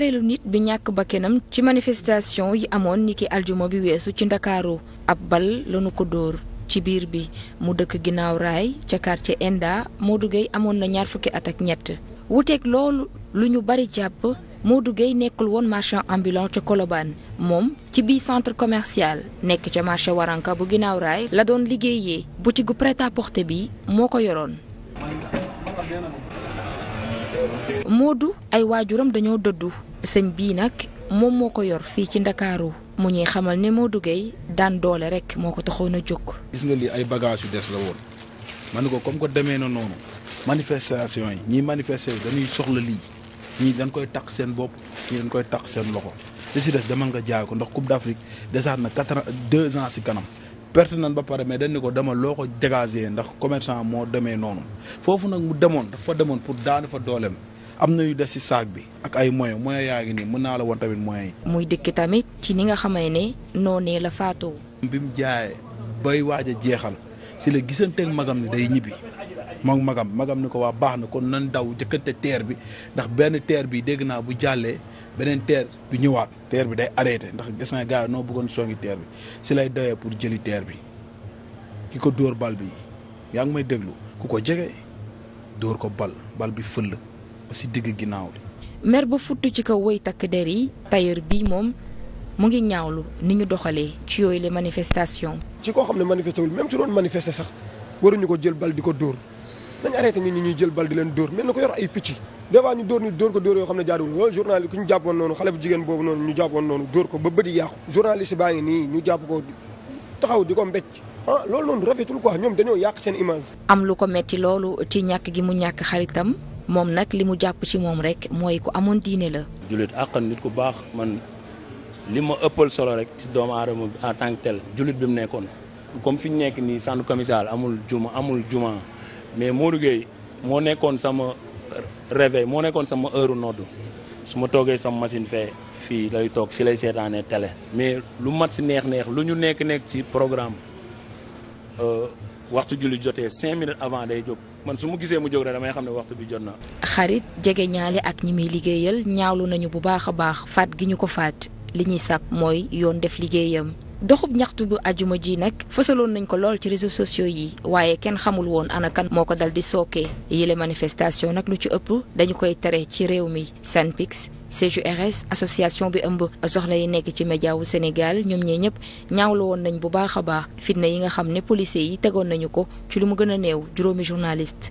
ñaareelu bi ñàkk bakkanam ci manifestation yi amoon niki aljuma bi weesu ci ndakaaru ab bal lañu ko dóor ci biir bi mu dëkk ginnaaw raay ca quartier Enda Modou fukki at ñett wuteeg loolu lu ñu bari jàpp moo Gueye nekkul woon marchand ambulant ca Colobane moom ci biir centre commercial nekk ca marché Waranka bu ginnaaw raay la doon liggéeyee boutique gu prêt bi moo ko yoroon Modou ay waajuram dañoo dëddu sëñ bii nag moom moo ko yor fii ci ndakaaru mu ñuy xamal ne moo duggee daan doole rek moo ko taxoon a jóg. gis nga lii ay bagage yu des la woon man ko comme que demee na noonu manifestation yi ñiy manifester dañuy soxla lii ñii dañ koy takk seen bopp ñii dañ koy takk seen loxo li si des demal nga jaay ko ndax Coupe d'Afrique desaat na quatre deux ans si kanam. perte nañ ba pare mais dañ ni ko demal loo ko dégagé ndax commerçant moo demee noonu foofu nag mu demoon dafa demoon pour daani fa dooleem. am na yu des ci saak bi ak ay moyen moyen yaa ngi nii mën naa la woon tamit moyen yi. muy dikk tamit ci ni nga xamee ne noonee la faatoo. bi mu jaaye bay waaj a jeexal si la gisanteeg magam ni day ñibbi moom magam magam ni ko waa baax na kon nan daw jëkkante teer bi ndax benn teer bi dégg naa bu jàllee beneen teer du ñëwaat teer bi day arrêté ndax gis naa gars noo bëggoon songi teer bi si lay doyee pour jëli teer bi ki ko dóor bal bi yaa ngi may déglu ku ko jege dóor ko bi fëll. si digg ginnaaw bi. mer ba futt ci kaw woy takk der yi tailleur bi moom mu ngi ñaawlu ni ñu doxalee ci yooyu les manifestations. ci koo xam ne manifesté wul même su doon manifester sax waruñu ko jël bal di ko dóor nañ arrêté nit ñi jël bal di leen dóor mel na ko yor ay picc. des fois ñu dóor ñu dóor ko dóor yoo xam ne jaaduwul loolu journaliste ku ñu jàppoon noonu xale bu jigéen boobu noonu ñu jàppoon noonu dóor ko ba bëdi yàqu. journaliste baa ngi nii ñu jàpp ko taxaw di ko mbécc ah loolu noonu rafetul quoi ñoom dañoo yàq seen image. am lu ko metti loolu ci ñàkk gi mu ñàkk xaritam moom nag li mu jàpp ci moom rek mooy ko amoon diine la. jullit àqan nit ku baax man li ma ëppal solo rek ci doomu aadama bi en tant que jullit bi mu nekkoon comme fi ñu nekk nii centre commercial amul juma amul juma mais moo Gueye moo nekkoon sama réveil moo nekkoon sama heure noddu su ma toogee sama machine fee fii lay toog fi lay seetaanee tele mais lu mat si neex-neex lu ñu nekk-nekk ci programme. Euh, waxtu julli jotee cinq minutes avant day jóg man su mu gisee mu jóg rek damay xam ne waxtu bi jot na. xarit jege ñaale ak ñi muy liggéeyal ñaawlu nañu bu baax a baax faat gi ñu ko faat li ñuy sàkk mooy yoon def liggéeyam doxub ñaxtu bu ajuma ji nag fasaloon nañ ko lool ci réseau sociaux yi waaye kenn xamul woon ana kan moo ko dal di sookee yile manifestation nag lu ci ëpp dañu koy tere ci réew mi seen Synpics CJRS association bi ëmb soxna yi nekk ci média wu Sénégal ñoom ñee ñëpp ñaawla woon nañ bu baax a baax fitna yi nga xam ne policiers yi tegoon nañu ko ci lu mu gën a néew juróomi journaliste